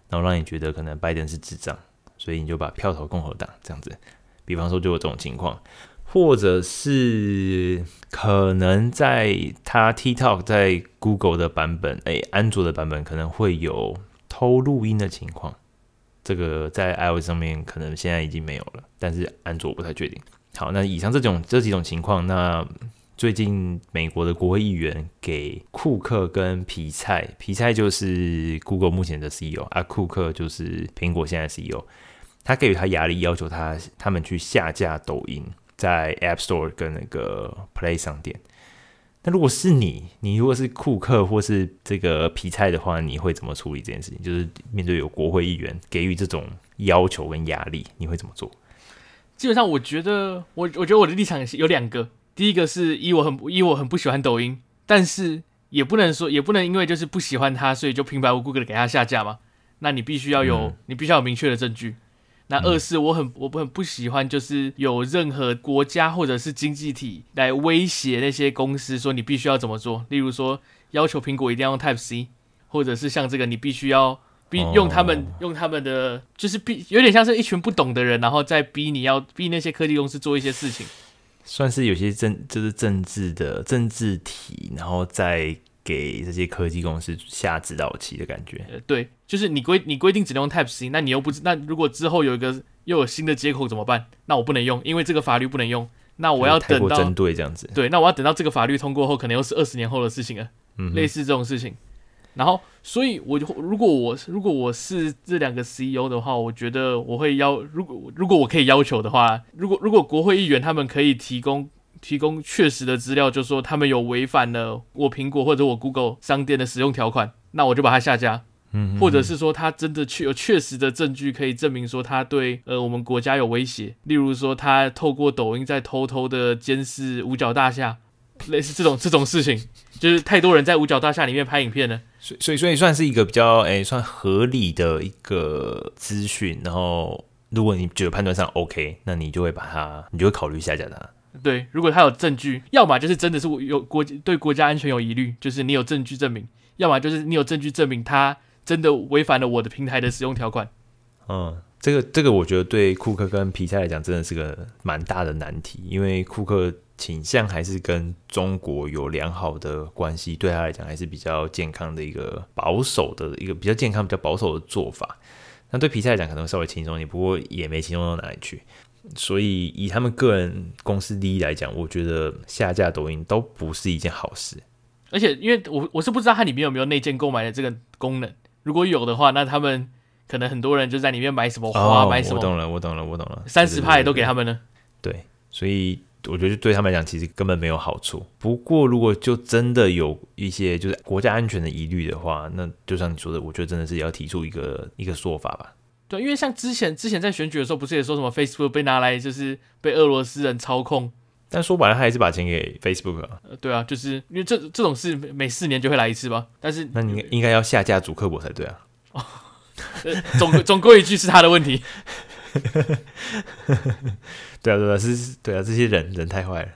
然後讓你覺得可能拜登是智障，所以你就把票投共和黨這樣子。比方說就有這種情況，或者是可能在他 TikTok 在 Google 的版本，哎、欸，安卓的版本可能會有偷錄音的情況。這個在 iOS 上面可能現在已經沒有了，但是安卓我不太確定。好，那以上這種這幾種情況，那最近美國的國會議員給庫克跟皮菜，皮菜就是 Google 目前的 CEO，啊，庫克就是蘋果現在 CEO，他給予他壓力，要求他他們去下架抖音在 App Store 跟那個 Play 商店。那如果是你，你如果是庫克或是這個皮菜的話，你會怎麼處理這件事情？就是面對有國會議員給予這種要求跟壓力，你會怎麼做？基本上，我覺得我我覺得我的立場有兩個。第一個是以我很以我很不喜歡抖音，但是也不能說也不能因為就是不喜歡它，所以就平白無故的給它下架嘛。那你必須要有、嗯、你必須要有明確的證據。那二是我很我不很不喜歡，就是有任何國家或者是經濟體來威脅那些公司，說你必須要怎麼做。例如說，要求蘋果一定要用 Type C，或者是像這個，你必須要逼用他們、哦、用他們的，就是逼，有點像是一群不懂的人，然後再逼你要逼那些科技公司做一些事情，算是有些政就是政治的政治體，然後再。給這些科技公司下指導棋的感覺，呃、對，就是你規你規定只能用 Type C，那你又不，那如果之後有一個又有新的接口怎麼辦？那我不能用，因為這個法律不能用。那我要等到針對這樣子，對，那我要等到這個法律通過後，可能又是二十年後的事情了。嗯、哼類似這種事情，然後，所以我就如果我如果我是這兩個 CEO 的話，我覺得我會要，如果如果我可以要求的話，如果如果國會議員他們可以提供，提供確實的資料，就是說他們有違反了我蘋果或者我 Google 商店的使用條款，那我就把它下架。嗯，或者是說他真的確有確實的證據可以證明說他對呃我們國家有威脅，例如說他透過抖音在偷偷的監視五角大廈，類似這種這種事情，就是太多人在五角大廈裡面拍影片呢。所以所以算是一個比較誒算合理的一個資訊，然後如果你覺得判斷上 OK，那你就會把它，你就會考慮下架它。對，如果他有證據，要麼就是真的是有國對國家安全有疑慮，就是你有證據證明；要麼就是你有證據證明他真的違反了我的平台的使用條款。嗯，這個這個，我覺得對庫克跟皮賽來講真的是個蠻大的難題，因為庫克傾向還是跟中國有良好的關係，對他來講還是比較健康的一個保守的一個比較健康比較保守的做法。那對皮賽來講可能稍微輕鬆一點，不過也沒輕鬆到哪裡去。所以，以他們個人公司利益來講，我覺得下架抖音都不是一件好事。而且，因為我我是不知道它裡面有沒有內建購買的這個功能。如果有的話，那他們可能很多人就在裡面買什麼花，哦、買什麼。我懂了，我懂了，我懂了。三十趴都給他們呢？對對對。對，所以我覺得對他們來講，其實根本沒有好處。不過，如果就真的有一些就是國家安全的疑慮的話，那就像你說的，我覺得真的是要提出一個一個說法吧。對，因為像之前之前在選舉的時候，不是也說什麼 Facebook 被拿來就是被俄羅斯人操控？但說白了，他還是把錢給 Facebook 啊、呃。對啊，就是因為這這種事每四年就會來一次吧。但是那你應該要下架祖克伯才對啊。哦呃、總總歸一句是他的問題。 *laughs* *laughs* 對啊對啊是對啊，這些人人太壞了。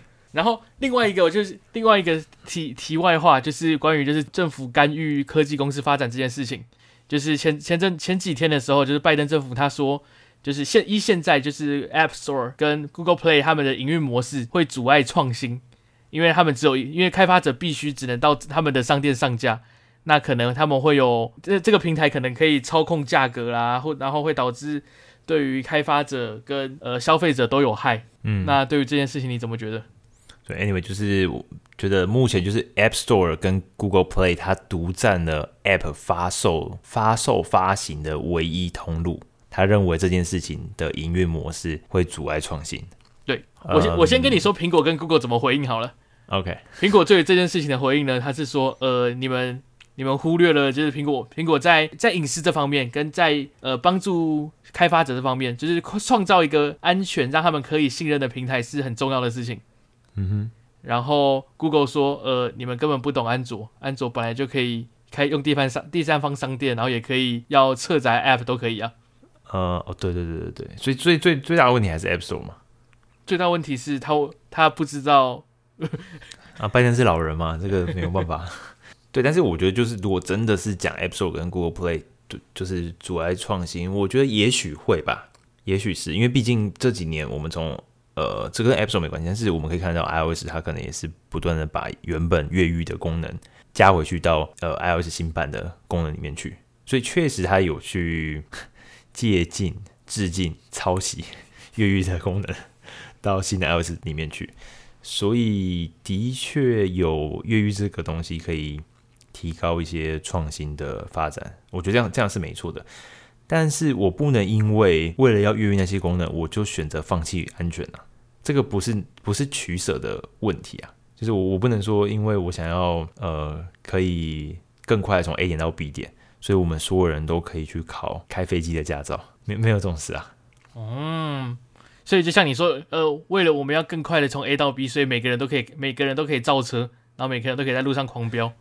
*laughs* 然後另外一個我就是另外一個題題外話，就是關於就是政府干預科技公司發展這件事情。就是前前陣前幾天的時候，就是拜登政府他說，就是現一現在就是 App Store 跟 Google Play 他們的營運模式會阻礙創新，因為他們只有因為開發者必須只能到他們的商店上架，那可能他們會有這這個平台可能可以操控價格啦，或然後會導致對於開發者跟呃消費者都有害。嗯，那對於這件事情你怎麼覺得？所以、So anyway, 就是我。覺得目前就是 App Store 跟 Google Play 它獨佔了 App 發售、發售、發行的唯一通路，他認為這件事情的營運模式會阻礙創新。對，我先、呃、我先跟你說蘋果跟 Google 怎麼回應好了。OK，蘋果對於這件事情的回應呢，他是說呃，你們你們忽略了就是蘋果蘋果在在隱私這方面跟在呃幫助開發者這方面，就是創造一個安全讓他們可以信任的平台是很重要的事情。嗯哼。然後 Google 說，呃，你們根本不懂安卓，安卓本來就可以開用第三方第三方商店，然後也可以要側載 App 都可以啊。呃，哦，對對對對對，所以最最最大的問題還是 App Store 嘛。最大問題是他，他他不知道啊，拜登是老人嘛， *laughs* 這個沒有辦法。 *laughs* 對，但是我覺得就是，如果真的是講 App Store 跟 Google Play，就是阻礙創新，我覺得也許會吧，也許是因為畢竟這幾年我們從。呃，這跟 Apps 沒關係，但是我們可以看到 iOS 它可能也是不斷的把原本越獄的功能加回去到呃 iOS 新版的功能裡面去，所以確實它有去借鑑、致敬、抄襲越獄的功能到新的 iOS 裡面去，所以的確有越獄這個東西可以提高一些創新的發展，我覺得這樣這樣是沒錯的，但是我不能因為為了要越獄那些功能，我就選擇放棄安全啊。這個不是不是取捨的問題啊，就是我我不能說，因為我想要呃可以更快的從 A 點到 B 點，所以我們所有人都可以去考開飛機的駕照，沒沒有這種事啊。嗯，所以就像你說，呃，為了我們要更快的從 A 到 B，所以每個人都可以每個人都可以造車，然後每個人都可以在路上狂飆。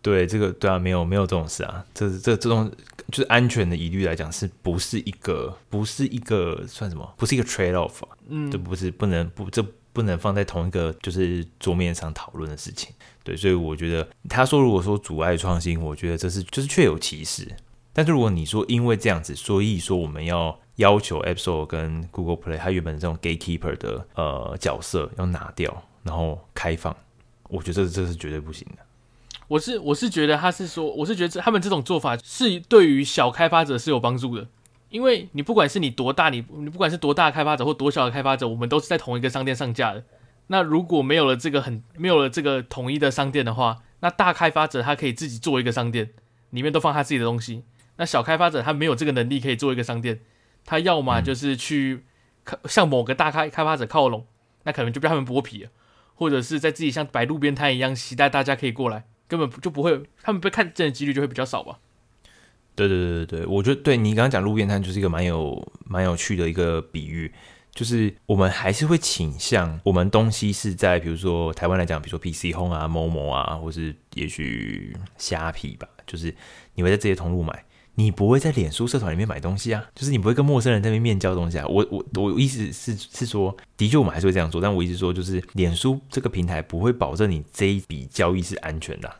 對，這個對啊，沒有沒有這種事啊，這這這種。就是安全的疑慮來講，是不是一個不是一個算什麼？不是一個 trade off，嗯，這不是不能不這不能放在同一個就是桌面上討論的事情。對，所以我覺得他說如果說阻礙創新，我覺得這是就是確有其事。但是如果你說因為這樣子，所以說我們要要求 App Store 跟 Google Play 它原本這種 gatekeeper 的呃角色要拿掉，然後開放，我覺得這這是絕對不行的。我是我是覺得他是說，我是覺得他們這種做法是對於小開發者是有幫助的，因為你不管是你多大，你你不管是多大開發者或多小的開發者，我們都是在同一個商店上架的。那如果沒有了這個很沒有了這個統一的商店的話，那大開發者他可以自己做一個商店，裡面都放他自己的東西。那小開發者他沒有這個能力可以做一個商店，他要麼就是去靠向某個大開開發者靠攏，那可能就被他們剝皮了，或者是在自己像擺路邊攤一樣期待大家可以過來。根本就不會，他們被看見的幾率就會比較少吧。對對對對，我覺得對你剛剛講路邊攤就是一個蠻有蠻有趣的一個比喻，就是我們還是會傾向我們東西是在比如說台灣來講，比如說 PC Home 啊、Momo 啊，或是也許蝦皮吧，就是你會在這些通路買，你不會在臉書社團裡面買東西啊，就是你不會跟陌生人在那邊面交東西啊。我我我意思是是說，的確我們還是會這樣做，但我一直說就是臉書這個平台不會保證你這一筆交易是安全的啊。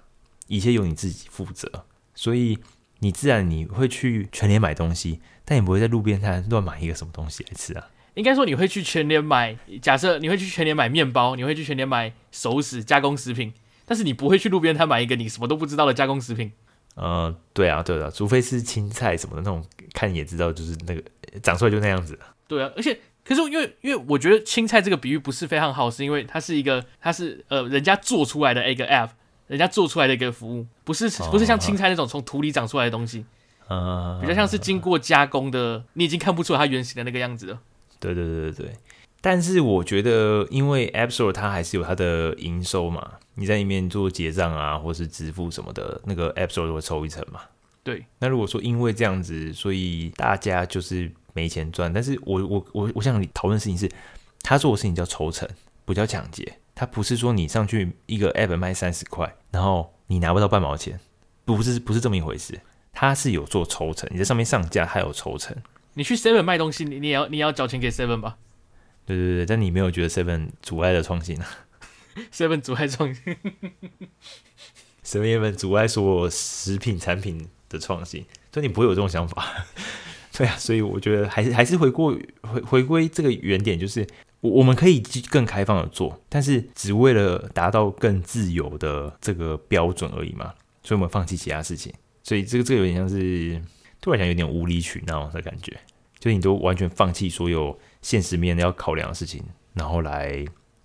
一切由你自己負責，所以你自然你會去全聯買東西，但也不會在路邊攤亂買一個什麼東西來吃啊。應該說你會去全聯買，假設你會去全聯買麵包，你會去全聯買熟食、加工食品，但是你不會去路邊攤買一個你什麼都不知道的加工食品。嗯、呃，對啊，對的、啊，除非是青菜什麼的那種，看你也知道，就是那個長出來就那樣子。對啊，而且可是因為因為我覺得青菜這個比喻不是非常好，是因為它是一個它是呃人家做出來的一個 app。人家做出來的一個服務，不是不是像青菜那種從土裡長出來的東西，哦、比較像是經過加工的，哦、你已經看不出它原型的那個樣子了。對對對對但是我覺得，因為 App Store 它還是有它的營收嘛，你在裡面做結賬啊，或是支付什麼的，那個 App Store 就會抽一成嘛。對。那如果說因為這樣子，所以大家就是沒錢賺，但是我我我我想討論的事情是，他做的事情叫抽成，不叫搶劫。他不是說你上去一個 app 賣三十塊，然後你拿不到半毛錢，不是不是這麼一回事。他是有做抽成，你在上面上架他有抽成。你去 seven 賣東西，你也要你也要你要交錢給 seven 吧？對對對，但你沒有覺得 seven 阻礙了創新啊？seven *laughs* 阻礙創新？什 *laughs* 麼？seven 阻礙說食品產品的創新？所以你不會有這種想法。 *laughs* 對啊，所以我覺得還是還是回過回回歸這個原點，就是。我我們可以更開放的做，但是只為了達到更自由的這個標準而已嘛，所以我們放棄其他事情。所以這個這個有點像是突然想有點無理取鬧的感覺，就你都完全放棄所有現實面要考量的事情，然後來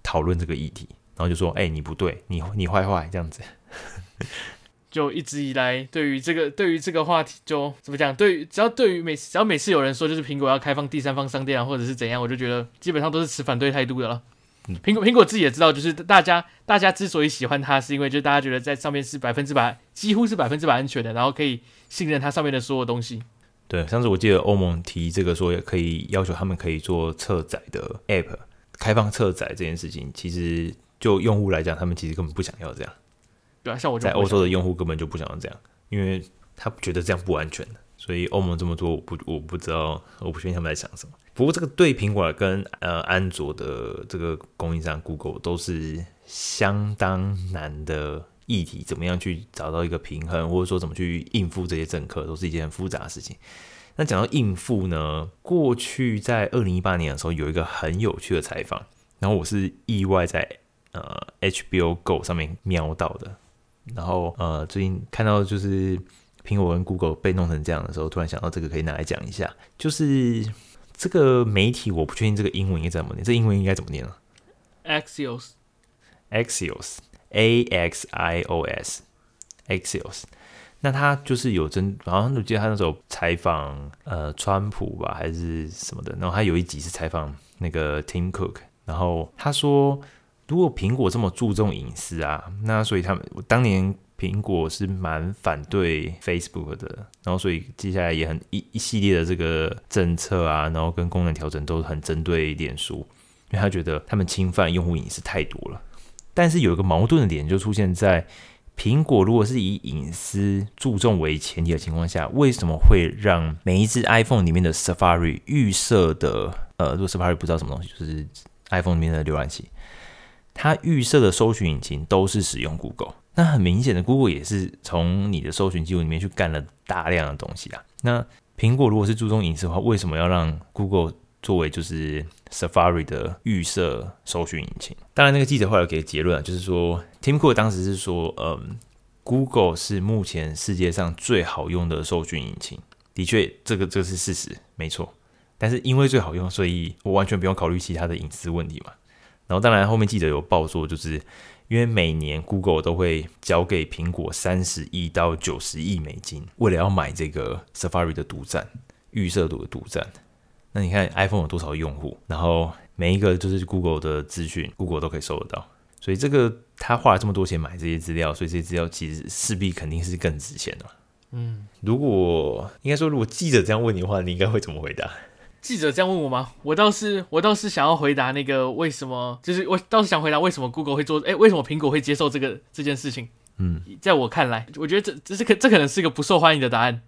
討論這個議題，然後就說，欸，你不對，你你壞壞這樣子。 *laughs* 就一直以來，對於這個，對於這個話題就，就怎麼講？對於只要對於每只要每次有人說就是蘋果要開放第三方商店啊，或者是怎樣，我就覺得基本上都是持反對態度的了。嗯，蘋果蘋果自己也知道，就是大家大家之所以喜歡它，是因為就大家覺得在上面是百分之百，幾乎是百分之百安全的，然後可以信任它上面的所有東西。對，上次我記得歐盟提這個說，也可以要求他們可以做側載的 App，開放側載這件事情，其實就用戶來講，他們其實根本不想要這樣。在歐洲的用戶根本就不想要這樣，因為他覺得這樣不安全的。所以歐盟這麼做，我不，我不知道，我不確定他們在想什麼。不過這個對蘋果跟呃安卓的這個供應商 Google 都是相當難的議題，怎麼樣去找到一個平衡，或者說怎麼去應付這些政客，都是一件很複雜的事情。那講到應付呢，過去在二零一八年的時候有一個很有趣的採訪，然後我是意外在呃 HBO GO 上面瞄到的。然後呃，最近看到就是蘋果跟 Google 被弄成這樣的時候，突然想到這個可以拿來講一下。就是這個媒體，我不確定這個英文應該怎麼念。這英文應該怎麼念呢？啊？Axios，Axios，A X I O S，Axios。那他就是有真，好像我記得他那時候採訪呃川普吧，還是什麼的。然後他有一集是採訪那個 Tim Cook，然後他說。如果蘋果這麼注重隱私啊，那所以他們，我當年蘋果是蠻反對 Facebook 的，然後所以接下來也很一一系列的這個政策啊，然後跟功能調整都很針對臉書，因為他覺得他們侵犯用戶隱私太多了。但是有一個矛盾的點就出現在蘋果，如果是以隱私注重為前提的情況下，為什麼會讓每一支 iPhone 裡面的 Safari 預設的呃，如果 Safari 不知道什麼東西，就是 iPhone 裡面的瀏覽器。它預設的搜尋引擎都是使用 Google，那很明顯的 Google 也是從你的搜尋記錄裡面去幹了大量的東西啊。那蘋果如果是注重隱私的話，為什麼要讓 Google 作為就是 Safari 的預設搜尋引擎？當然，那個記者後來給了結論啊，就是說 Tim Cook 當時是說，嗯，Google 是目前世界上最好用的搜尋引擎。的確，這個這是事實，沒錯。但是因為最好用，所以我完全不用考慮其他的隱私問題嘛。然後當然，後面記者有報說，就是因為每年 Google 都會交給蘋果三十億到九十億美金，為了要買這個 Safari 的獨占，預設的獨占。那你看 iPhone 有多少用戶，然後每一個就是 Google 的資訊，Google 都可以收得到。所以這個他花了這麼多錢買這些資料，所以這些資料其實勢必肯定是更值錢的。嗯，如果應該說，如果記者這樣問你的話，你應該會怎麼回答？記者這樣問我嗎？我倒是，我倒是想要回答那個為什麼，就是我倒是想回答為什麼 Google 會做，哎、欸，為什麼蘋果會接受這個這件事情？嗯，在我看來，我覺得這這是可這可能是一個不受歡迎的答案，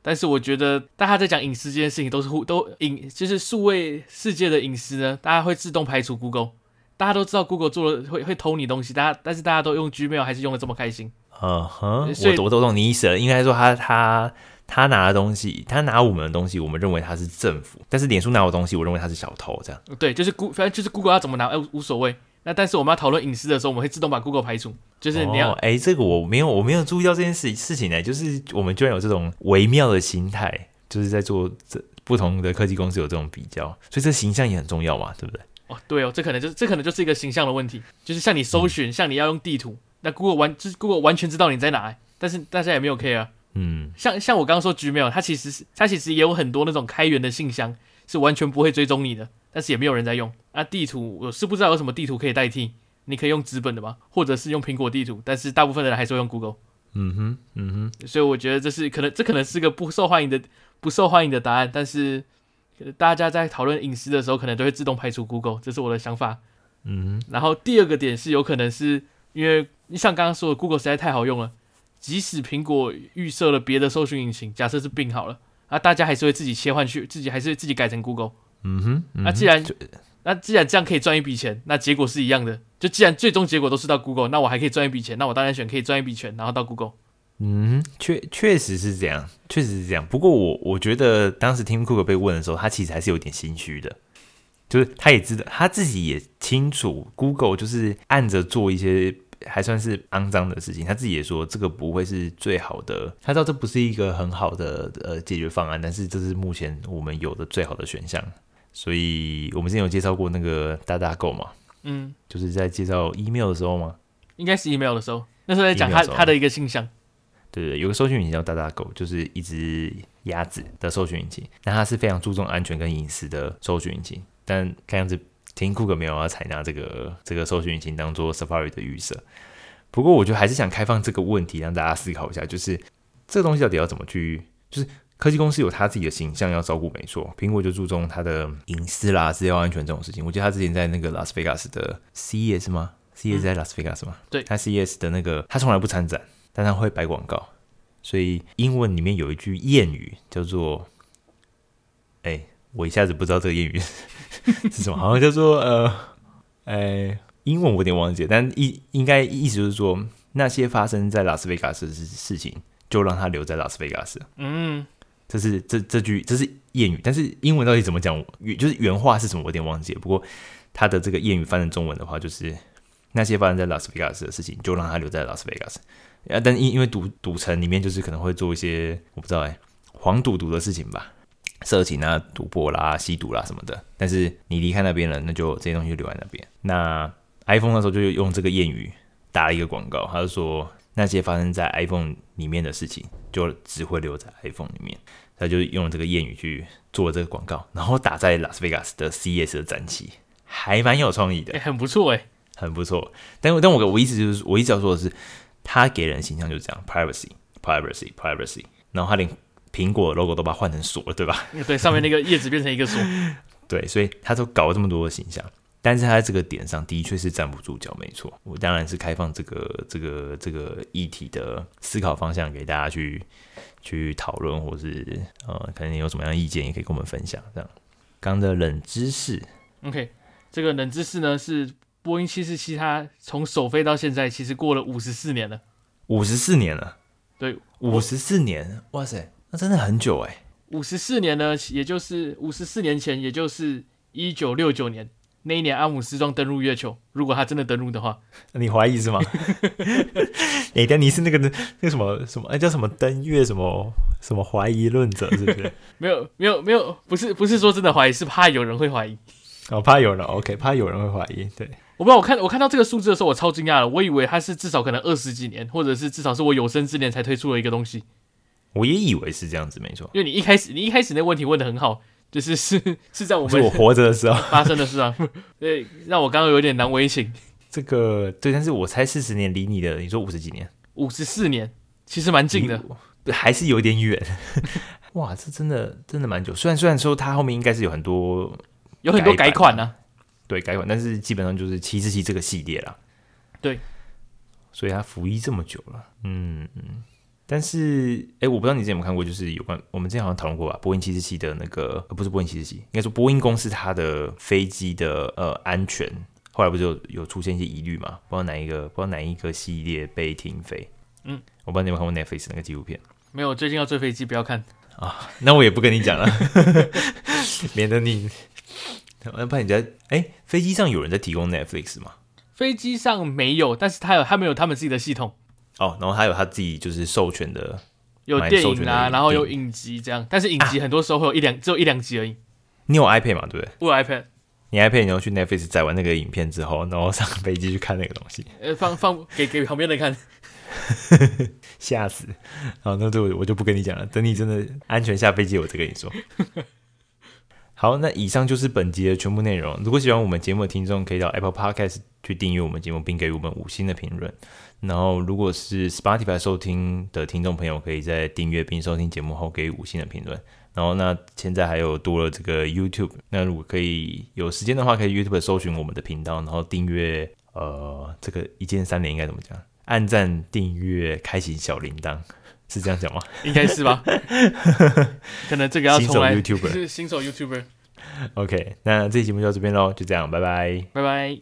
但是我覺得大家在講隱私這件事情都是都隱，就是數位世界的隱私呢，大家會自動排除 google，大家都知道 google 做了會會偷你東西，大家但是大家都用 Gmail 還是用的這麼開心？啊哼、uh huh, 所以，我我都懂你意思了，應該說他他。他拿的東西，他拿我們的東西，我們認為他是政府；但是臉書拿我的東西，我認為他是小偷。這樣對，就是 Google，反正就是 Google，要怎麼拿哎無所謂。那但是我們要討論隱私的時候，我們會自動把 Google 排除。就是你要哎、哦，這個我沒有，我沒有注意到這件事事情呢、欸。就是我們居然有這種微妙的心態，就是在做這不同的科技公司有這種比較，所以這形象也很重要嘛，對不對？哦，對哦，這可能就是這可能就是一個形象的問題。就是像你搜尋，嗯、像你要用地圖，那 Google 完就是、Google 完全知道你在哪、欸，但是大家也沒有 care 啊。嗯嗯，像像我剛剛說，Gmail，它其實是它其實也有很多那種開源的信箱，是完全不會追蹤你的，但是也沒有人在用。那、啊、地圖我是不知道有什麼地圖可以代替，你可以用紙本的吧？或者是用蘋果地圖？但是大部分的人還是會用 Google。嗯哼，嗯哼，所以我覺得這是可能，這可能是個不受歡迎的不受歡迎的答案。但是大家在討論隱私的時候，可能都會自動排除 Google，這是我的想法。嗯哼，然後第二個點是有可能是因為像剛剛說的，Google 實在太好用了。即使蘋果預設了別的搜尋引擎，假設是病好了，啊，大家還是會自己切換去，自己還是會自己改成 Google，嗯。嗯哼，那既然對那既然這樣可以賺一筆錢，那結果是一樣的。就既然最終結果都是到 Google，那我還可以賺一筆錢，那我當然選可以賺一筆錢，然後到 Google。嗯，確確實是這樣，確實是這樣。不過我我覺得當時 Tim Cook 被問的時候，他其實還是有點心虛的，就是他也知道他自己也清楚 Google 就是按着做一些。還算是骯髒的事情，他自己也說這個不會是最好的，他知道這不是一個很好的呃解決方案，但是這是目前我們有的最好的選項。所以我們之前有介紹過那個大大狗嘛，嗯，就是在介紹 email 的時候嗎？應該是 email 的時候，那時候在講他的他的一個信箱，對，對對，有個搜尋引擎叫大大狗，就是一隻鴨子的搜尋引擎，但它是非常注重安全跟隱私的搜尋引擎，但看樣子聽庫克沒有要採納這個這個搜尋引擎當做 Safari 的預設，不過我覺得還是想開放這個問題讓大家思考一下，就是這個東西到底要怎麼去，就是科技公司有他自己的形象要照顧，沒錯。蘋果就注重他的隱私啦、資料安全這種事情。我記得他之前在那個 Las Vegas 的 CES 嗎？CES 在 Las Vegas 嗎？嗯、對，他 CES 的那個他從來不參展，但他會擺廣告。所以英文裡面有一句諺語叫做：“哎、欸。”我一下子不知道這個諺語是什麼， *laughs* 好像叫做呃，哎、欸，英文我有點忘記，但意應該意思就是說，那些發生在拉斯維加斯的事事情，就讓他留在拉斯維加斯。嗯這這這，這是這這句這是諺語，但是英文到底怎麼講？原就是原話是什麼？我有點忘記。不過他的這個諺語翻成中文的話，就是那些發生在拉斯維加斯的事情，就讓他留在拉斯維加斯。啊，但因因為賭賭城裡面就是可能會做一些我不知道哎、欸，黃賭毒的事情吧。色情啊、賭博啦、啊、吸毒啦、啊、什麼的，但是你離開那邊了，那就這些東西就留在那邊。那 iPhone 的時候就用這個諺語打了一個廣告，他就說那些發生在 iPhone 裡面的事情就只會留在 iPhone 裡面，他就用這個諺語去做這個廣告，然後打在拉斯維加斯的 CS 的展期，還蠻有創意的、欸，很不錯哎、欸，很不錯。但但我我意思就是我意思要說的是，他給人形象就是這樣：privacy，privacy，privacy。然後他連。蘋果的 logo 都把它換成鎖了，對吧？對，上面那個葉子變成一個鎖。 *laughs* 對，所以他都搞了這麼多的形象，但是他在這個點上的確是站不住腳，沒錯。我當然是開放這個這個這個議題的思考方向給大家去去討論，或是呃，可、嗯、看你有什麼樣的意見，也可以跟我們分享。這樣，剛的冷知識，OK，這個冷知識呢是波音七四七，它從首飛到現在，其實過了五十四年了。五十四年了？對，五十四年，哇塞！那、啊、真的很久哎、欸，五十四年呢，也就是五十四年前，也就是一九六九年那一年，阿姆斯壯登陸月球。如果他真的登陸的話，啊、你懷疑是嗎？哎、 *laughs* 欸，等你是那個那什麼什麼哎、欸，叫什麼登月什麼什麼懷疑論者是不是？ *laughs* 沒有沒有沒有，不是不是說真的懷疑，是怕有人會懷疑。哦，怕有人 OK，怕有人會懷疑。對，我不知道，我看我看到這個數字的時候，我超驚訝的。我以為他是至少可能二十幾年，或者是至少是我有生之年才推出的一個東西。我也以為是這樣子，沒錯。因為你一開始，你一開始那問題問得很好，就是是是在我們我活着的時候發生的事啊， *laughs* 對，讓我剛剛有點難為情。這個對，但是我猜四十年離你的，你說五十幾年，五十四年，其實蠻近的，對，還是有點遠。 *laughs* 哇，這真的真的蠻久。雖然雖然說它後面應該是有很多有很多改款啊，對，改款，但是基本上就是七四七這個系列啦。對，所以他服役這麼久了，嗯嗯。但是，哎、欸，我不知道你之前有沒有看過，就是有關我們之前好像討論過吧，波音七四七的那個、呃，不是波音七四七，應該說波音公司它的飛機的呃安全，後來不就有，有出現一些疑慮嘛？不知道哪一個，不知道哪一個系列被停飛？嗯，我不知道你有沒有看過 Netflix 那個紀錄片？沒有，最近要坐飛機，不要看啊！那我也不跟你講了，免 *laughs* *laughs* 得你，我怕人家。哎、欸，飛機上有人在提供 Netflix 嗎？飛機上沒有，但是他有，他們有他們自己的系統。哦，然後他有他自己就是授權的，有電影啊，影然後有影集這樣，但是影集很多時候會有一兩，啊、只有一兩集而已。你有 iPad 嘛？對不對？我有 iPad，你 iPad，然後去 Netflix 載完那個影片之後，然後上飛機去看那個東西，呃、嗯，放放給給旁邊的人看，嚇 *laughs* *laughs* 死！好，那對我就不跟你講了，等你真的安全下飛機，我再跟你說。 *laughs* 好，那以上就是本集的全部內容。如果喜歡我們節目的聽眾，可以到 Apple Podcast 去訂閱我們節目，並給予我們五星的評論。然後，如果是 Spotify 收聽的聽眾朋友，可以在訂閱並收聽節目後給予五星的評論。然後，那現在還有多了這個 YouTube，那如果可以有時間的話，可以 YouTube 搜尋我們的頻道，然後訂閱呃這個一鍵三連應該怎麼講？按讚、訂閱、開啟小鈴鐺。是這樣講嗎？應該是吧， *laughs* 可能這個要從來新手 YouTuber，OK，you、okay, 那這期節目就到這邊嘍，就這樣，拜拜，拜拜。